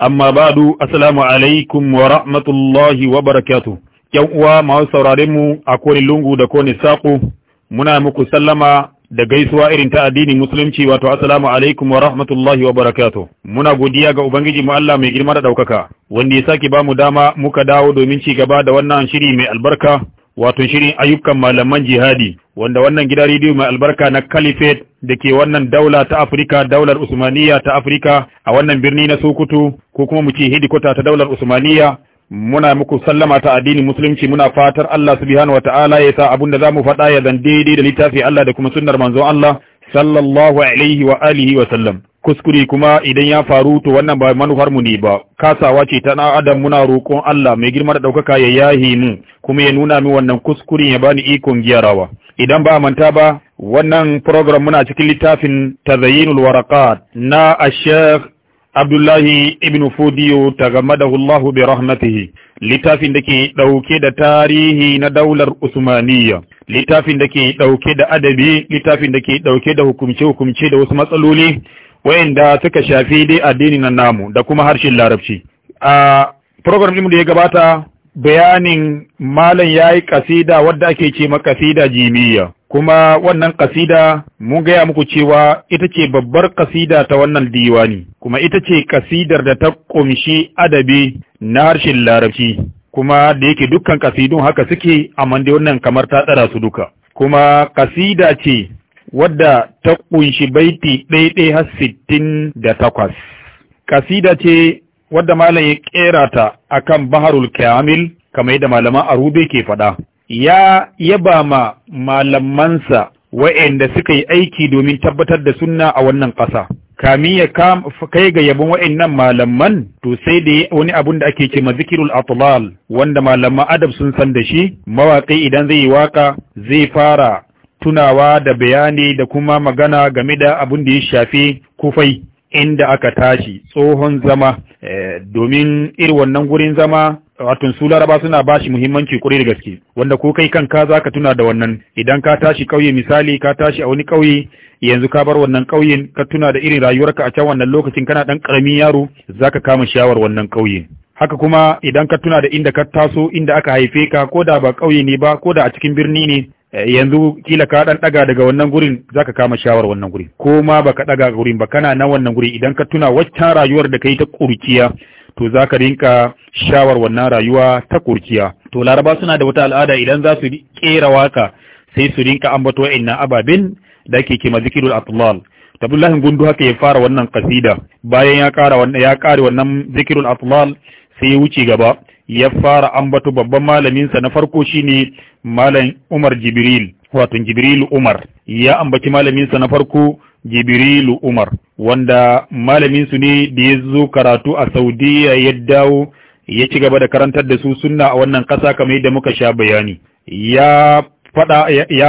amma ba'du assalamu alaikum wa rahmatullahi wa barakatuh yan uwa masu sauraren mu a kone lungu da kone saƙo muna muku sallama da gaisuwa irin ta addinin musulunci wato assalamu alaikum wa rahmatullahi wa barakatuh muna godiya ga ubangiji mu Allah mai girma da daukaka wanda ya sake bamu dama muka dawo domin ci gaba da wannan shiri mai albarka wato shirin ayyukan malaman jihadi wanda wannan gida rediyo mai albarka na Caliphate da ke wannan daula ta Afirka daular Usmaniya ta Afirka a wannan birni na Sokoto ko kuma mu ce hidikota ta daular Usmaniya muna muku sallama ta addinin musulunci muna fatar Allah subhanahu wataala ya sa abin da mu faɗa ya zan daidai da littafi Allah da kuma sunnar manzon Allah sallallahu alaihi wa alihi wa sallam kuskure kuma idan ya faru to wannan ba manufar mu ne ba kasawa ce ta adam muna roƙon Allah mai girma da ɗaukaka ya yahi mu kuma ya nuna min wannan kuskure ya bani ikon giyarawa idan ba manta ba wannan program muna cikin littafin tazayyinul waraqat na ash عبد الله ابن فوديو تغمده الله برحمته littafin da ke ɗauke da tarihi na daular Usmaniya, littafin da ke ɗauke da adabi, littafin da ke ɗauke da hukumce-hukumce da wasu matsaloli wayanda suka shafi dai addinin na namu da kuma harshen larabci. A program ɗin da ya gabata bayanin malam ya yi kasida wadda ake ce ma kasida jimiyya. kuma wannan kasida mun gaya muku cewa ita ce babbar kasida ta wannan diwani kuma ita ce kasidar da ta ƙunshi adabi na harshen larabci kuma da yake dukkan kasidun haka suke amma dai wannan kamar ta tsara su duka kuma kasida ce wadda ta ƙunshi baiti ɗaiɗai har sittin da takwas kasida ce wadda malam ya ƙera ta akan baharul kamil kamar yadda malaman arube ke faɗa ya yaba ma malamansa wa'anda suka yi aiki domin tabbatar da sunna a wannan ƙasa kamin ya kai ga yabon wa'annan malaman to sai da wani abun da ake ce mazikirul atlal wanda malaman adab sun san da shi mawaƙi idan zai yi waƙa, zai fara tunawa da bayani da kuma magana game da abun da ya shafi kufai inda aka tashi tsohon zama eh, domin irin wannan gurin zama wato su laraba suna bashi muhimmanci kuri da gaske wanda ko kai kanka za ka tuna da wannan idan ka tashi kauye misali ka tashi a wani kauye yanzu ka bar wannan ƙauyen, ka tuna da irin rayuwarka a can wannan lokacin kana dan karamin yaro za ka kama shawar wannan kauye haka kuma idan ka tuna da inda ka taso inda aka haife ka ko da ba kauye ne ba ko da a cikin birni ne eh, yanzu kila ka dan daga daga wannan gurin za ka kama shawar wannan gurin ko ma ka daga gurin ba kana na wannan gurin idan ka tuna waccan rayuwar da ka yi ta kurkiya to za ka rinka shawar wannan rayuwa ta kurkiya. to laraba suna da wata al'ada idan za su kera waka sai su rinka ambato inna ababin da ke kima zikirul atlal Abdullahi Gundu haka ya fara wannan kasida bayan ya kara wannan ya kare wannan zikirul atlal sai ya wuce gaba ya fara ambato babban malamin sa na farko shine malam Umar Jibril wato Jibril Umar ya ambaci malaminsa na farko jibrilu umar wanda malamin su ne da ya zo karatu a saudiya ya dawo ya ci gaba da karantar da su suna a wannan ƙasa kamar yadda muka sha bayani ya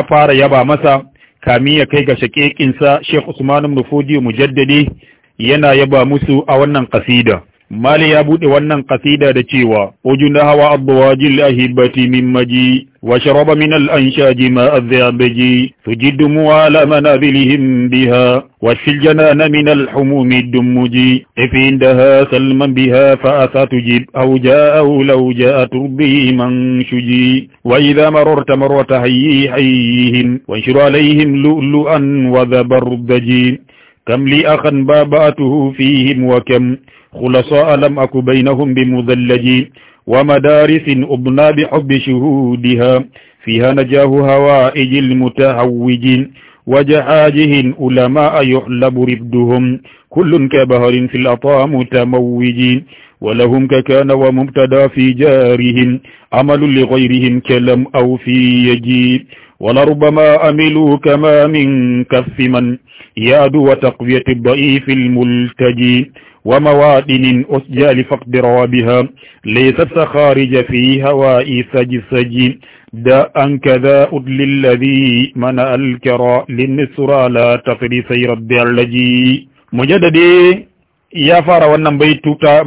fara yaba masa kami ya kai ga shaƙeƙinsa Sheikh Usman mufudi Mujaddadi yana yaba musu a wannan kasida مالي يا بوت ونن قصيدة دشيوا وجنها وأضواج الأهبة من مجي وشرب من الأنشاج ماء الذئبجي تجد موال منابلهم بها وفي الجنان من الحموم الدمجي إفي عندها سلما بها فأسى تجيب أو جاء أو لو جاء تربي من شجي وإذا مررت مرة حيي حييهم وانشر عليهم لؤلؤا وذبر الدجي كم لي أخا باباته فيهم وكم خلصاء لم أك بينهم بمذلجين ومدارس أبنى بحب شهودها فيها نجاه هوائج المتهوجين وجحاجه علماء يحلب رفدهم كل كبهر في الأطى متموجين ولهم ككان ومبتدى في جارهم عمل لغيرهم كلم أو في يجيب ولربما أملوا كما من كف من ياد وتقوية الضعيف الملتجي ومواطن أسجى لفقد روابها ليست خارج في هواء سج داء كذا أدل الذي منع الكرى للنسرى لا تقري سير الدعلجي مجددي ya fara wannan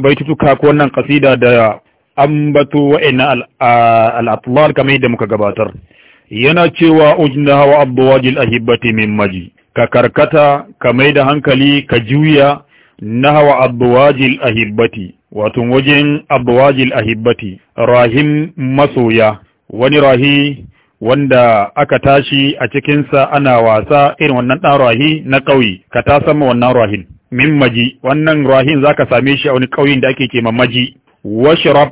baitutuka ko wannan kasida da ambato wa'ina al'atlar kamar yadda muka gabatar yana cewa ujna hawa abuwajil ahibati min maji ka karkata ka mai da hankali ka juya nahawa abwajil ahibbati wato wajen abwajil ahibbati rahim masoya wani rahi wanda aka tashi a cikinsa ana wasa irin wannan ɗan rahi na ƙauye ka ta sama wannan rahin min maji wannan rahin za ka same shi a wani ƙauyen da ake kema maji washrab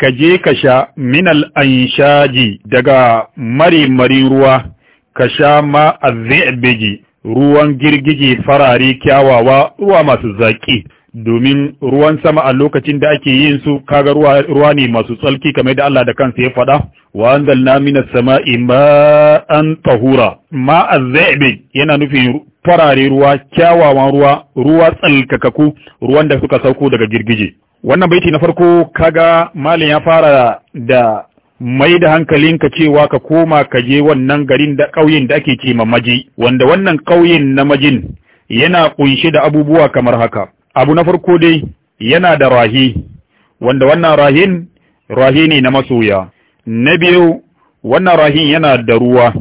ka je ka sha minal anshaji daga mari mari ruwa ka sha ma azzabeji ruwan girgije farare kyawawa ruwa masu zaki. domin ruwan sama a lokacin da ake yin su kaga ruwa ne masu tsalki kamar da Allah da kansa ya faɗa wa anzalna minas sama'i ma'an tahura ma azabi yana nufin farare ruwa kyawawan ruwa ruwa tsalkakaku ruwan da suka sauko daga girgije wannan baiti na farko kaga malin ya fara da mai da hankalinka cewa ka koma ka je wannan garin da ƙauyen da ake ce ma maji wanda wannan ƙauyen na majin yana kunshe da abubuwa kamar haka abu na farko dai yana da rahi wanda wannan rahin rahi ne na masoya na biyu wannan rahin yana da ruwa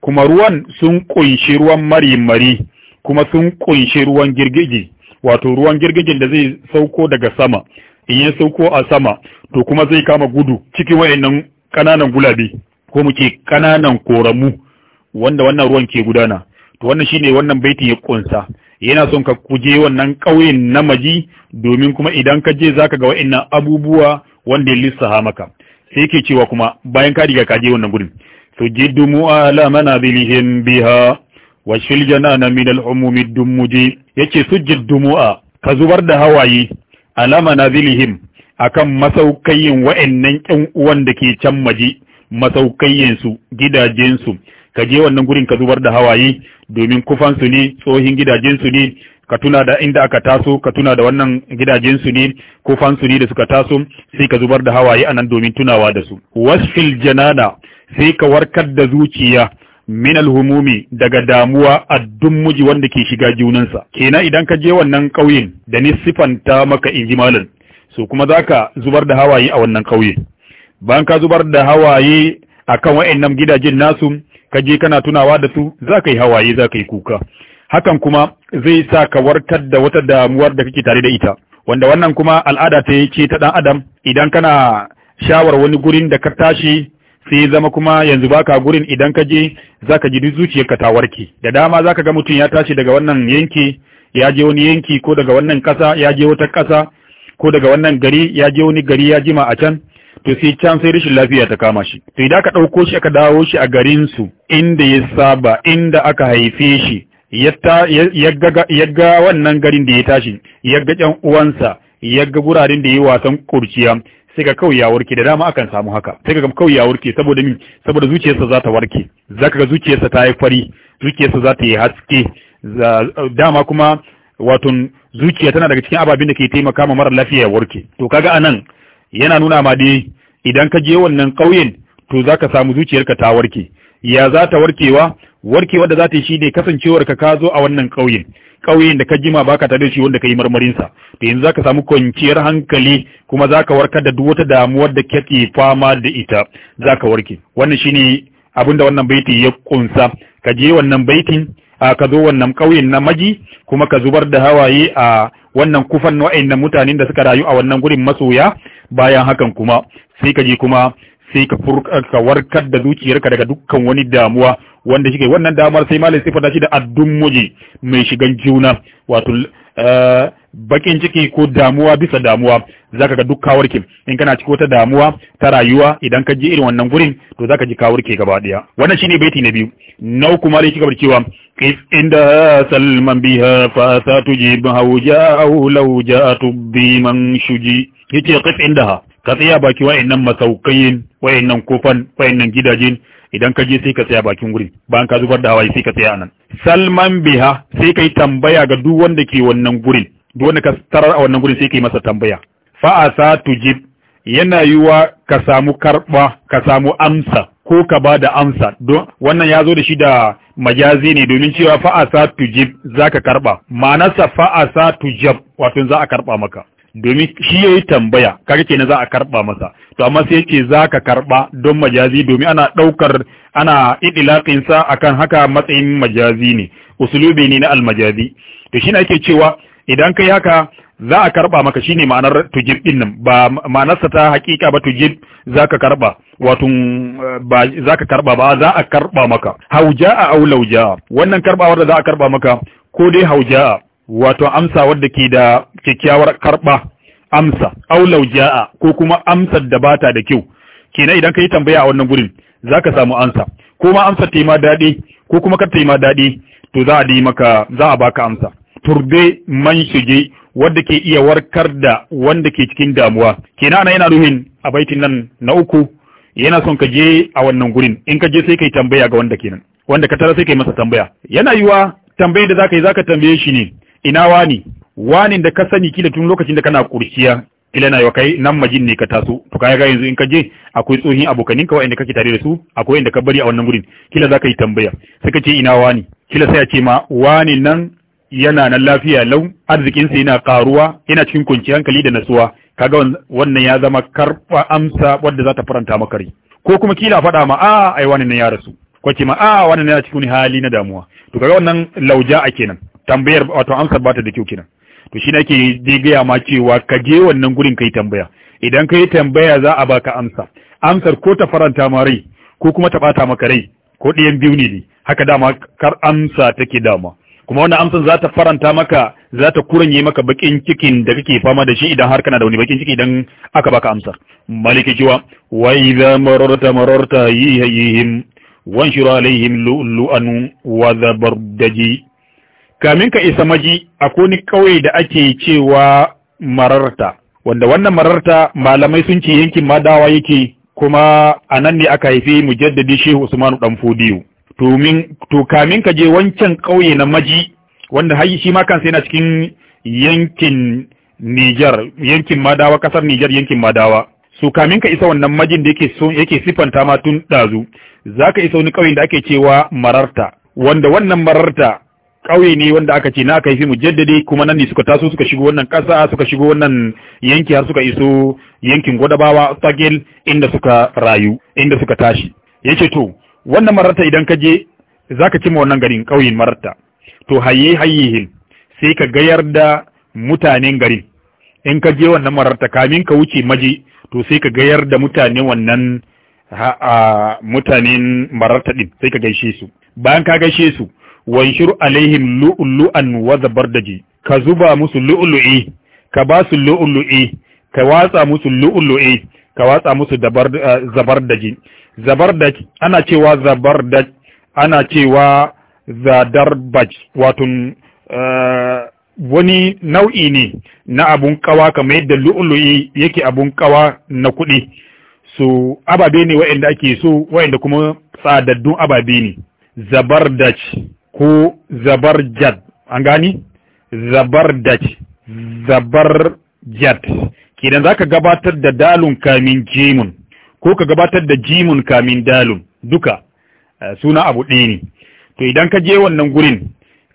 kuma ruwan sun ƙunshi ruwan mari-mari kuma sun ƙunshi ruwan girgiji wato ruwan girgijin da zai sauko daga sama in ya sauko a sama to kuma zai kama gudu cikin wayannan ƙananan gulabe ko mu ce ƙananan koramu wanda wannan ruwan ke gudana to wannan shine wannan baitin ya kunsa yana son ka kuje wannan ƙauyen na maji domin kuma idan ka je zaka ga wa'annan abubuwa wanda ya lissaha maka sai yake cewa kuma bayan ka riga ka je wannan gurin to jiddu mu'ala manazilihim biha wa shil janana min al-umumi dumuji yace sujjid dumu'a ka zubar da hawaye ala manazilihim akan masaukayin wa'annan ƴan uwan da ke can maji masaukayin su gidajen su ka je wannan gurin ka zubar da hawaye domin kufan su ne tsohin gidajen su ne ka tuna da inda aka taso ka tuna da wannan gidajen su ne kufan su ne da suka taso sai ka zubar da hawaye anan domin tunawa da su wasfil janana sai ka warkar da zuciya min alhumumi daga damuwa a muji wanda ke shiga junansa kenan idan ka je wannan ƙauyen da ni siffanta maka inji malam so kuma zaka zubar da hawaye a wannan kauye bayan ka zubar da hawaye a akan wayannan gidajen nasu ka je kana tunawa da su zaka yi hawaye zaka yi kuka hakan kuma zai sa ka wartar da wata damuwar da kake tare da ita wanda wannan kuma al'ada ta ce ta dan adam idan kana shawar wani gurin da ka tashi sai zama kuma yanzu baka gurin idan ka je zaka ji zuciyarka ta warke da dama zaka ga mutum ya tashi daga wannan yanki ya je wani yanki ko daga wannan kasa ya je wata kasa ko daga wannan gari ya je wani gari ya jima a can to sai can sai rashin lafiya ta kama shi to idan aka ɗauko shi aka dawo shi a garin su inda ya saba inda aka haife shi ya ga wannan garin da ya tashi ya ga ƴan uwansa ya ga guraren da ya wasan kurciya sai ga kawai ya warke da dama akan samu haka sai ga kawai ya warke saboda min saboda zuciyarsa za ta warke zaka ga zuciyarsa ta yi fari zuciyarsa za ta yi haske dama kuma wato zuciya tana daga cikin ababin da ke taimaka ma mara lafiya ya warke to kaga anan yana nuna ma dai idan ka je wannan ƙauyen to za ka samu zuciyarka ta warke ya za ta warkewa warkewa da za ta yi shi ne kasancewar ka ka zo a wannan ƙauyen ƙauyen da ka jima baka tare da shi wanda ka yi marmarinsa to yanzu za ka samu kwanciyar hankali kuma za ka warkar da duk wata damuwar da kake fama da ita ka warke wannan shine abinda wannan baitin ya kunsa ka je wannan baitin ka zo wannan ƙauyen na maji kuma ka zubar da hawaye a wannan kufan na wa'annan mutanen da suka rayu a wannan gurin masoya bayan hakan kuma sai ka je kuma sai ka furka warkar da zuciyarka daga dukkan wani damuwa wanda shi wannan damar sai malai sifata shi da addun muje mai shigan juna wato eh, bakin ciki ko damuwa bisa damuwa zaka ga duk kawarkin in kana ciki wata damuwa ta rayuwa idan ka je irin wannan gurin to zaka ji kawarke gaba daya wannan shine baiti na biyu nau kuma malin shi gabar cewa قف عندها سلما بها فأتى جاء أو لو جاء تبدي من شجي yace قف عندها ka باكي baki مسوقين masaukayin wayannan kofan جداجين gidajen idan ka je sai ka tsaya bakin gurin bayan ka zubar da hawaye sai ka tsaya nan salman biha sai kai tambaya ga duk wanda ke wannan gurin duk wanda ka tarar a wannan gurin sai kai masa tambaya fa asa tujib yana yiwa ka samu karba ka samu amsa ko ka ba da amsa don wannan ya zo da shi da majazi ne domin cewa fa'asa tujib zaka karba ma'anarsa fa'asa tujab wato za a karba maka domin shi yayi tambaya kaga na za a karba masa to amma sai yace zaka karba don majazi domin ana ɗaukar ana idlaqin sa akan haka matsayin majazi ne usulubi ne na almajazi to shi ake cewa idan kai haka za a karba maka shine ma'anar tujib din nan ba ma'anarsa ta hakika ba tujib zaka karba wato eh, ba zaka karba ba za a karba maka hauja Au lauja'a wannan karba da za a karba maka ko dai hauja'a wato amsa wadda ke da kyakkyawar karba amsa Au lauja'a ko kuma amsar da bata da kyau kenan idan ka yi tambaya a wannan gurin zaka samu amsa ko ma amsar ta yi ma daɗi ko kuma kar ta yi ma daɗi to za a yi maka za a baka amsa turbe man shige wadda ke iya warkar da wanda ke cikin damuwa kenan ana yana ruhin a baitin nan na uku yana son ka je a wannan gurin in ka je sai kai tambaya ga wanda kenan wanda ka tara sai kai masa tambaya yana yiwa tambayar da za ka yi za ka tambaye shi ne ina wani wani da ka sani kila tun lokacin da kana kurciya kila na yiwa kai nan majin ne ka taso to kaga yanzu in ka je akwai tsohin abokaninka ka kake tare da su akwai wanda ka bari a wannan gurin kila ka yi tambaya sai ka ce ina wani kila sai a ce ma wani nan yana nan lafiya lau arzikinsa yana karuwa yana cikin kunci hankali da nasuwa kaga wannan ya zama karɓa amsa wadda za ta faranta maka rai ko kuma kila faɗa ma a ai wani ya rasu ko ma a wani yana cikin hali na damuwa to kaga wannan lauja a kenan tambayar wato amsar ba ta da kyau kenan to shi nake dai gaya ma cewa ka je wannan gurin kai tambaya idan ka yi tambaya za a baka amsa amsar ko ta faranta ma rai ko kuma ta bata maka rai ko ɗayan biyu ne haka dama kar amsa take dama kuma wannan amsan za ta faranta maka za ta kuranye maka bakin cikin da kake fama da shi idan har kana da wani bakin ciki idan aka baka amsar maliki cewa wa idza mararta mararta yihim wanshur alaihim lu'lu'an wa zabardaji kamin ka isa maji akwai ni kauye da ake cewa mararta wanda wannan mararta malamai sun ce yankin madawa yake kuma anan ne aka haifi mujaddadi shehu usmanu dan fodiyo to kamin ka je wancan kauye na maji wanda shi ma kansa yana cikin yankin Nijar yankin Madawa kasar Nijar yankin Madawa so kamin ka isa wannan majin da yake son yake sifanta ma tun dazu zaka isa wani ƙauyen da ake cewa Mararta wanda wannan Mararta ƙauye ne wanda aka ce na aka yi mujaddadi kuma nan ne suka taso suka shigo wannan ƙasa suka shigo wannan yanki har suka iso yankin Gwadabawa Tagel inda suka rayu inda suka tashi yace to wannan mararta idan ka je zaka cima wannan garin ƙauyen mararta to haye hayihin sai ka gayar da mutanen garin in ka je wannan mararta kamin ka wuce maji to sai ka gayar da mutane wannan a mutanen mararta din sai ka gaishe su bayan ka gaishe su wanshur alaihim lu'lu'an wa ji ka zuba musu lu'lu'i ka ba su lu'lu'i ka watsa musu lu'lu'i ka watsa musu eh, zabar ji. zabardak ana cewa zabardak ana cewa zadarbaj watun eh, wani nau'i ne na abun kawa kamar yadda lu'ulu'i yake abun kawa na kuɗi so ababe ne wa'inda ake so wayanda kuma tsadaddun ababe ne zabardaj ko zabarjad an gani zabardaj zabarjad kidan zaka gabatar da dalun kamin jimun ko ka gabatar da jimun kamin dalun duka eh, suna abu ɗaya ne to idan ka je wannan gurin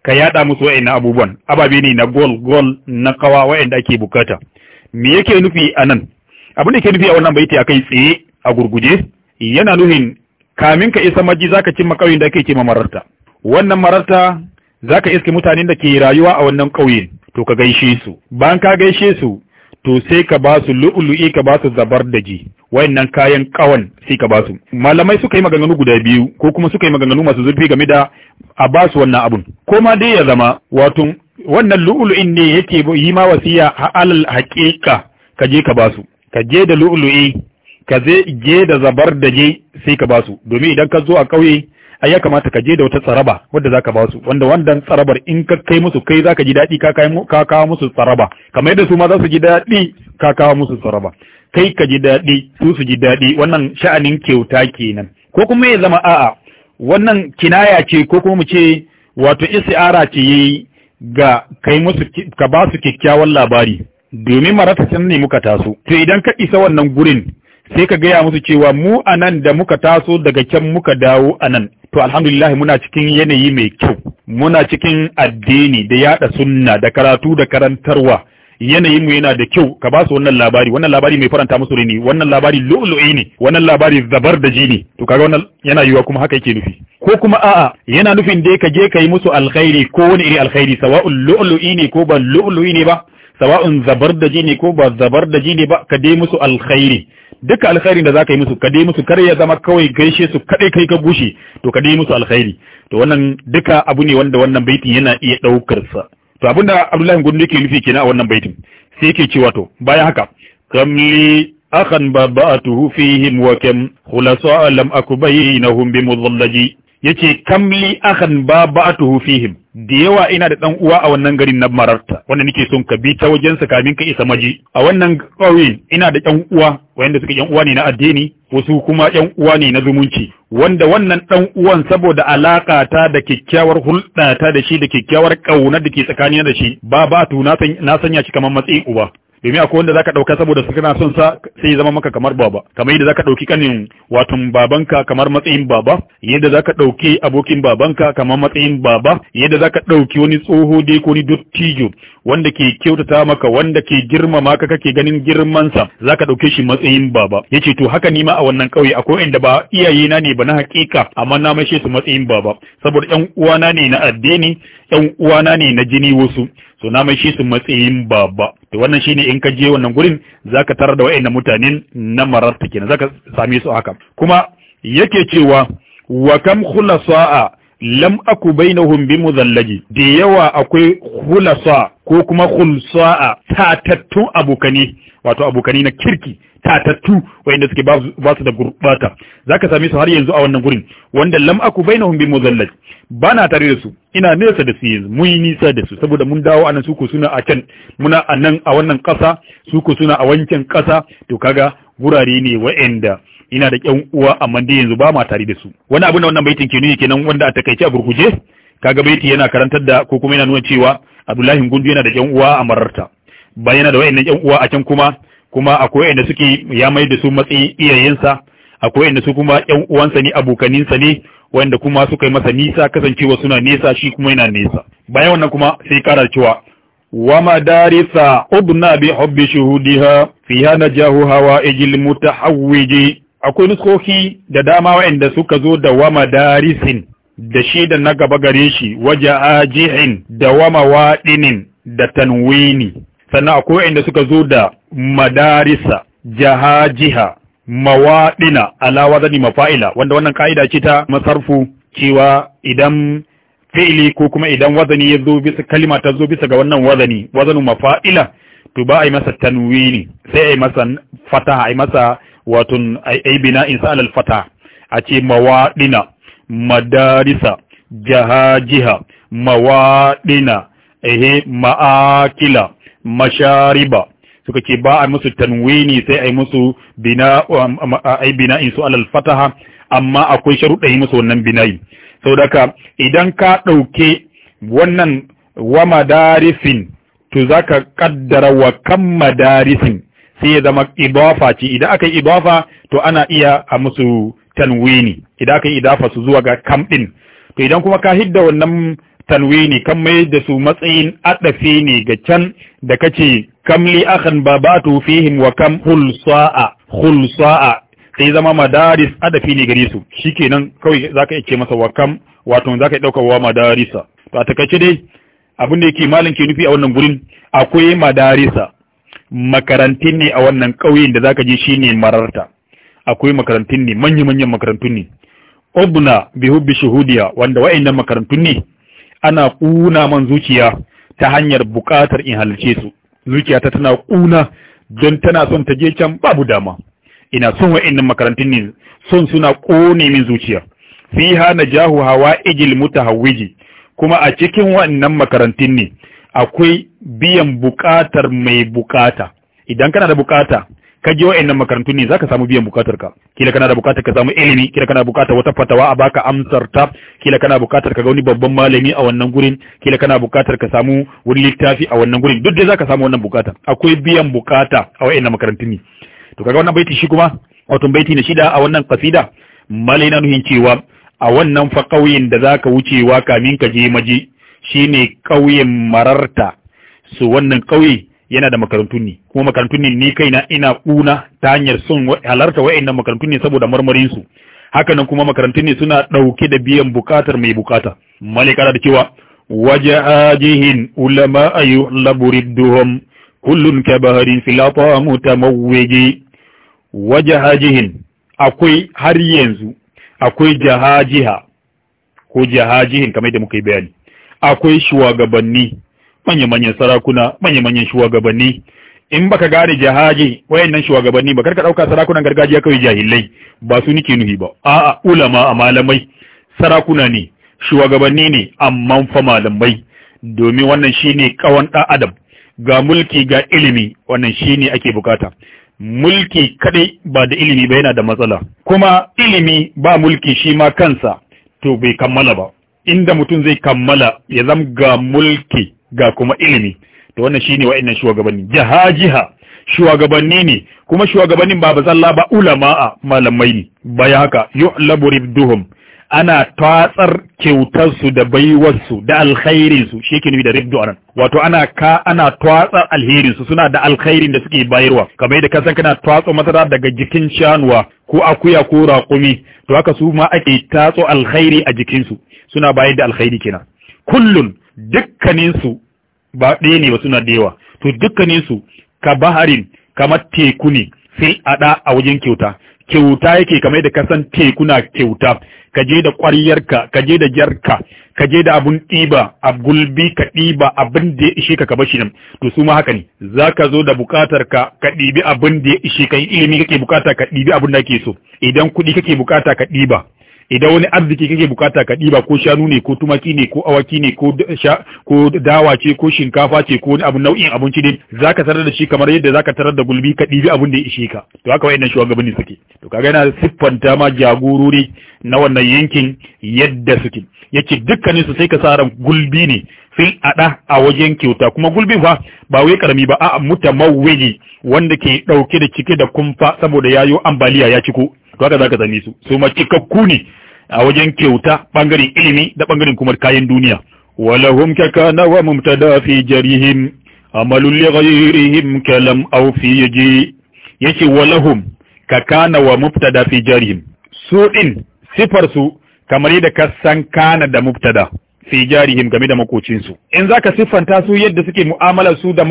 ka yaɗa musu na abubuwan ababe ne na gol gol na kawa da ake bukata me yake nufi a nan abin da ke nufi a wannan baiti kai tsaye a gurguje yana nuhin kamin ka isa maji zaka cimma ƙauyen da ake ce mararta wannan mararta zaka iske mutanen da ke rayuwa a wannan ƙauyen? to ka gaishe su bayan ka gaishe su to sai ka ba su lu'ulu'i ka ba su zabar da ji wayannan kayan kawan sai ka ba su malamai suka yi maganganu guda biyu ko kuma suka yi maganganu masu zurfi game da a ba su wannan abun ko ma dai ya zama wato wannan lu'ulu'in ne yake yi ma wasiya alal haƙiƙa ka je ka ba su ka je da lu'ulu'i ka je da zabar da je sai ka ba su domin idan ka zo a ƙauye. ai ya kamata ka je da wata tsaraba wadda zaka ba su wanda wannan tsarabar in ka kai musu kai zaka ji daɗi ka kai ka kawo musu tsaraba kamar yadda su ma za su ji daɗi ka kawo musu tsaraba kai ka ji daɗi su su ji daɗi wannan sha'anin kyauta kenan ko kuma ya zama a'a wannan kinaya ce ko kuma mu ce wato isti'ara ce yayi ga kai musu ka ba su kyakkyawan labari domin marata can ne muka taso to idan ka isa wannan gurin sai ka gaya musu cewa mu anan da muka taso daga can muka dawo anan to alhamdulillah muna cikin yanayi mai kyau muna cikin addini da yada sunna da karatu da karantarwa yanayin mu yana da kyau ka ba su wannan labari wannan labari mai faranta musu rini wannan labari lu'lu'i ne wannan labari zabar da jini to kaga wannan yana yiwa kuma haka yake nufi ko kuma a'a yana nufin dai ka je ka yi musu alkhairi ko wani iri alkhairi sawa'ul lu'lu'i ne ko ba lu'lu'i ne ba sawa'un da ne ko ba da ne ba ka dai musu alkhairi duka alkhairin da zaka yi musu ka dai musu kar ya zama kawai gaishe su kadai kai ka gushe to ka dai musu alkhairi to wannan duka abu ne wanda wannan baitin yana iya daukar sa to abinda Abdullahi Gundu yake nufi kenan a wannan baitin sai yake cewa to bayan haka kamli akhan babatuhu fihim wa kam khulasa lam akubainahum bimudhallaji yace kamli akhan babatuhu fihim da yawa ina da dan uwa a wannan garin na mararta wanda nake son ka bi ta wajensa kamin ka isa maji a wannan ƙauye ina da ƴan uwa wanda suka ƴan uwa ne na addini wasu kuma ƴan uwa ne na zumunci wanda wannan dan uwan saboda alaka ta da kyakkyawar hulɗa ta da shi da kyakkyawar ƙauna da ke tsakanina da shi ba ba tu na sanya shi kamar matsayin uba domin akwai wanda ka dauka saboda su kana son sa sai ya zama maka kamar baba kamar yadda zaka dauki kanin wato babanka kamar matsayin baba yadda zaka dauki abokin babanka kamar matsayin baba yadda zaka dauki wani tsoho dai ko wani dottijo wanda ke kyautata maka wanda ke girmama ka kake ganin girman sa zaka ɗauke shi matsayin baba yace to haka nima a wannan kauye akwai inda ba iyaye na ne ba na hakika amma na maishe su matsayin baba saboda yan uwana ne na addini yan uwana ne na jini wasu to na mai shi su matsayin babba to wannan shine in ka je wannan gurin zaka tarar da wayannan mutanen na mararta kenan ka same su haka kuma yake cewa wa kam khulasa'a lam aku bainahum bi muzallaji da yawa akwai hulasa ko kuma khulsa'a tatattun abukani wato abukani na kirki tatattu wanda suke ba su da gurbata zaka same su har yanzu a wannan gurin wanda lam aku bainahum bi muzallaj bana tare da su ina nesa da su yanzu mun yi nisa da su saboda mun dawo anan su ko suna a can muna anan a wannan kasa su ko suna a wancan kasa to kaga gurare ne wa'anda ina da ƴan uwa amma dai yanzu ba ma tare da su wani abu na wannan baitin ke nuni kenan wanda a takaice a gurguje kaga baiti yana karantar da ko kuma yana nuna cewa Abdullahi Gundu yana da ƴan uwa a mararta ba yana da wayannan ƴan uwa a can kuma kuma akwai wayanda suke ya mai da su matsayin iyayensa akwai wayanda su kuma ƴan uwansa ne abokaninsa ne wayanda kuma suka yi masa nisa kasancewa suna nesa shi kuma yana nesa bayan wannan kuma sai kara cewa bi hubbi shuhudiha fiha najahu hawa ijil mutahawwiji akwai nuskoki da dama wa'inda suka zo da wama darisin da shi da na gaba gare shi waje ajihin da wama waɗinin da tanwini sannan akwai wa'inda suka zo da madarisa jahajiha mawaɗina alawa zani mafa'ila wanda wannan ka'ida ce ta masarfu cewa idan fi'ili ko kuma idan wazani ya zo bisa kalima ta zo bisa ga wannan wazani wazanin mafa'ila to ba a yi masa tanwini sai a yi masa fataha a yi masa wato ai bina insa alal fata a ce mawaɗina madarisa jahajiha mawaɗina ehe ma'akila mashariba suka ce ba a musu tanwini sai a yi musu bina um, um, ai bina insu alal fataha amma akwai sharuɗa yi musu wannan binayi sau ka idan ka ɗauke wannan wa madarisin za ka ƙaddara wa kan madarisin sai ya zama idafa ce idan aka yi idafa to ana iya a musu tanwini idan aka yi idafa su zuwa ga kam din to idan kuma ka hidda wannan tanwini kan mai da su matsayin adafi ne ga can da kace kam li akhan babatu fihim wa kam hulsa'a hulsa'a sai zama madaris adafi ne gare su shikenan kawai zaka iya ce masa wa kam wato zaka iya dauka wa madarisa to a takaice dai abin da yake malam ke nufi a wannan gurin akwai madarisa makarantun ne a wannan ƙauyen da za zaka je ne mararta akwai makarantun ne manya manyan makarantun ne ubna bi shahudiya wanda wa'annan makarantun ne ana ƙuna man zuciya ta hanyar buƙatar in halarce su zuciya ta tana ƙuna don tana son ta je can babu dama ina son wa'annan makarantun ne son suna ƙone min zuciya fiha jahu hawa ijil hawiji. kuma a cikin wa'annan makarantun ne akwai biyan bukatar mai bukata idan kana da bukata ka je wa'annan makarantu ne zaka samu biyan bukatar ka kila kana da bukatar ka samu ilimi kila kana bukatar wata fatawa a baka amsar ta kila kana bukatar ka ga wani babban malami a wannan gurin kila kana bukatar ka samu wani littafi a wannan gurin duk dai zaka samu wannan bukata akwai biyan bukata a wa'annan makarantu ne to kaga wannan baiti shi kuma wato baiti na shida a wannan kasida malai na nuhin cewa a wannan fa kauyen da zaka wucewa kamin ka je maji shine ƙauyen mararta su wannan ƙauye yana da makarantun ne kuma makarantun ne ni kaina ina kuna ta hanyar sun halarta wa'annan makarantun ne saboda marmarin su haka nan kuma makarantun ne suna ɗauke da biyan bukatar mai bukata malika da cewa waje ajihin ulama ayu laburidduhum kullun ka baharin filata mutamawwiji waje akwai har yanzu akwai jahajiha ko jahajihin kamar da muka yi bayani akwai shugabanni manya-manyan sarakuna manya-manyan shugabanni in baka gane jahaji wayannan shugabanni ba karka dauka sarakunan gargajiya kawai jahilai ba su nike nuhi ba a'a ulama a malamai sarakuna ne shugabanni ne amma fa malamai domin wannan shine kawan da adam ga mulki ga ilimi wannan shine ake bukata mulki kadai ba da ilimi ba yana da matsala kuma ilimi ba mulki shi ma kansa to bai kammala ba inda mutum zai kammala ya zam ga mulki ga kuma ilimi to wannan shine wa'annan shugabanni jaha jiha shugabanni ne kuma shugabannin ba zalla ba a malamai ne baya haka yu'labu ribduhum ana tatsar kyautar su da baiwarsu da su shi ke nufi da ribdu anan wato ana ka ana tatsar su suna da alkhairin da suke bayarwa kamar yadda kasan kana tatso masara daga jikin shanuwa ko akuya ko raƙumi to haka su ma ake tatso alkhairi a jikinsu suna bayar da alkhairi kenan kullun dukkaninsu ba ɗaya ne ba suna da yawa to dukkaninsu ka baharin kamar teku ne fil ada a wajen kyauta kyauta yake kamar da kasan teku na kyauta ka je da ƙwaryarka ka je da jarka ka je da abun ɗiba a gulbi ka ɗiba abin da ya ishe ka ka bashi nan to su ma haka ne za ka zo da buƙatar ka ka ɗibi abin da ya ishe ka ilimi kake buƙata ka ɗibi abin da kake so idan kuɗi kake buƙata ka ɗiba idan wani arziki kake bukata ka ɗiba ko shanu ne ko tumaki ne ko awaki ne ko dawa ce ko shinkafa ce ko wani abu nau'in abinci ne Za ka tarar da shi kamar yadda za ka tarar da gulbi ka ɗibi abin da ya ishe ka to haka wayannan ne suke to kaga yana siffanta ma jagorori na wannan yankin yadda suke yace dukkanin su sai ka sa ran gulbi ne sun ada a wajen kyauta kuma gulbin fa ba wai karami ba a ne. wanda ke dauke da cike da kumfa saboda yayo ambaliya ya ciko to haka zaka same su su ma cikakku ne a wajen kyauta bangaren ilimi da bangaren kuma kayan duniya walahum ka kana wa mumtada fi jarihim amalul li ghayrihim kalam aw fi yaji yace walahum kana wa mubtada fi jarihim su din sifar su kamar yadda ka san kana da mubtada fi jarihim game da su in zaka siffanta su yadda suke mu'amala su da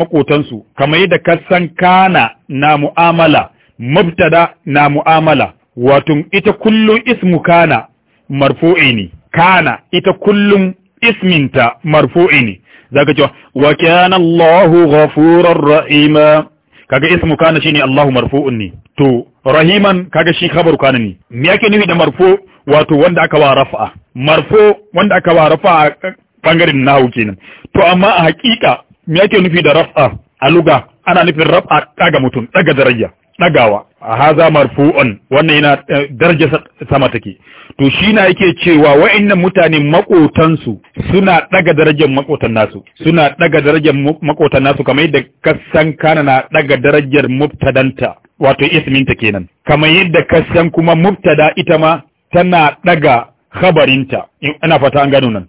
su kamar yadda ka san kana na mu'amala mubtada na mu'amala wato ita kullum ismu kana marfu'i ne kana ita kullum isminta marfu'i ne zaka ce wa kana Allahu ghafurur rahima kaga ismu kana ne Allahu marfu'un ne to rahiman kaga shi khabaru kana ne me yake nufi da marfu wato wanda aka wa rafa marfu wanda aka wa rafa bangaren nahwu kenan to amma a hakika me yake nufi da rafa a luga ana nufin rab'a daga mutum daga daraja dagawa a haza marfu'un wannan yana eh, daraja sama take to shi na yake cewa wa'annan mutane makotansu suna daga darajar makotan nasu suna daga darajar makotan nasu kamar yadda kasan kana na daga darajar mubtadanta wato isminta kenan kamar yadda kasan kuma mubtada ita ma tana daga khabarinta ina fata an gano nan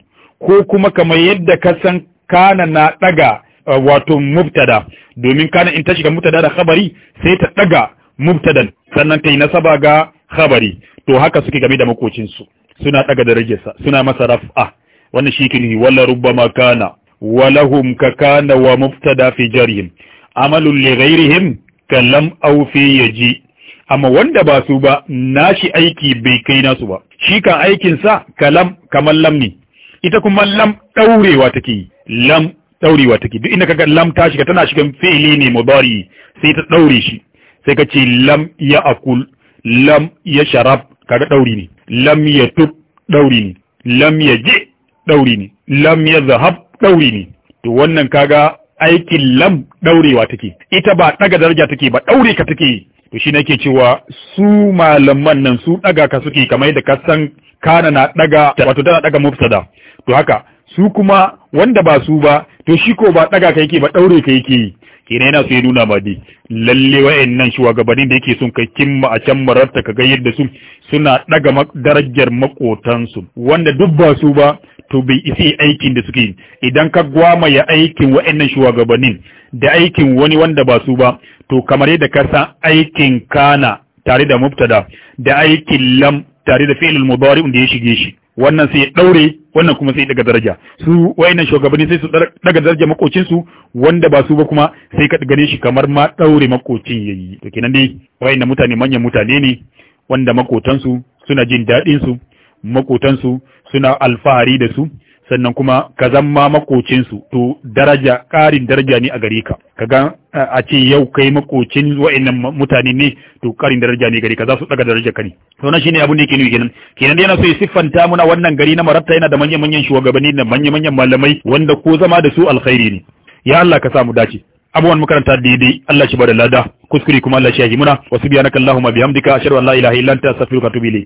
ko kuma kamar yadda kasan kana na daga Eh, wato mubtada domin kana in ta shiga mubtada da khabari sai ta daga mubtadan sannan ta yi nasaba ga khabari to haka suke game da makocinsu suna daga darajarsa suna masa raf'a wannan shi kiri wala rubbama kana walahum ka kana wa mubtada fi jarihim amalun li ghairihim kallam aw fi yaji amma wanda ba su ba nashi aiki bai kai nasu ba shi kan aikin sa kalam kamar lam ne ita kuma lam daurewa take lam daurewa take duk inda kaga lam ta shiga tana shigan fi'ili ne mudari sai ta daure shi sai ka ce lam ya akul lam ya sharab kaga dauri ne lam ya tub dauri ne lam ya ji dauri ne lam ya zahab dauri ne to wannan kaga aikin lam daurewa take ita ba daga daraja take ba daure ka take to shi nake cewa su malaman nan su daga ka suke kamar yadda ka san kana na daga wato tana daga mufsada to haka su kuma wanda ba su ba to shi ko ba ɗaga ka yake ba ɗaure ka yake yi kenan yana so ya nuna ma dai lalle wayannan shugabannin da yake sun kai kimma a can mararta ka ga yadda su suna ɗaga darajar makotansu wanda duk ba su ba to bai isi aikin da suke yi idan ka gwama ya aikin wayannan shugabannin da aikin wani wanda ba su ba to kamar yadda ka san aikin kana tare da mubtada da aikin lam tare da fi'il mudari da ya shige shi wannan sai ya daure wannan kuma sai ya daga daraja su wayannan shugabanni sai su daga daraja makocinsu wanda ba su ba kuma sai ka gane shi kamar ma daure makocin yayi to kenan dai wayannan mutane manyan mutane ne wanda makotansu suna jin dadin su makotansu suna alfahari da su sannan kuma ka zama makocinsu to daraja ƙarin daraja ne a gare ka kaga eh, a ce yau kai makocin wa'annan mutane ne to ƙarin daraja ne gare ka za su daga daraja ka ne to nan shine abin da yake nufi kenan kenan yana so ya siffanta muna wannan gari na maratta yana da manyan manyan shugabanni da manyan manyan malamai wanda ko zama da su alkhairi ne ya Allah ka samu dace abubuwan makaranta daidai Allah shi bada lada kuskure kuma Allah shi ya muna wasu biyanaka Allahumma bihamdika ashhadu an la ilaha illa anta astaghfiruka wa atubu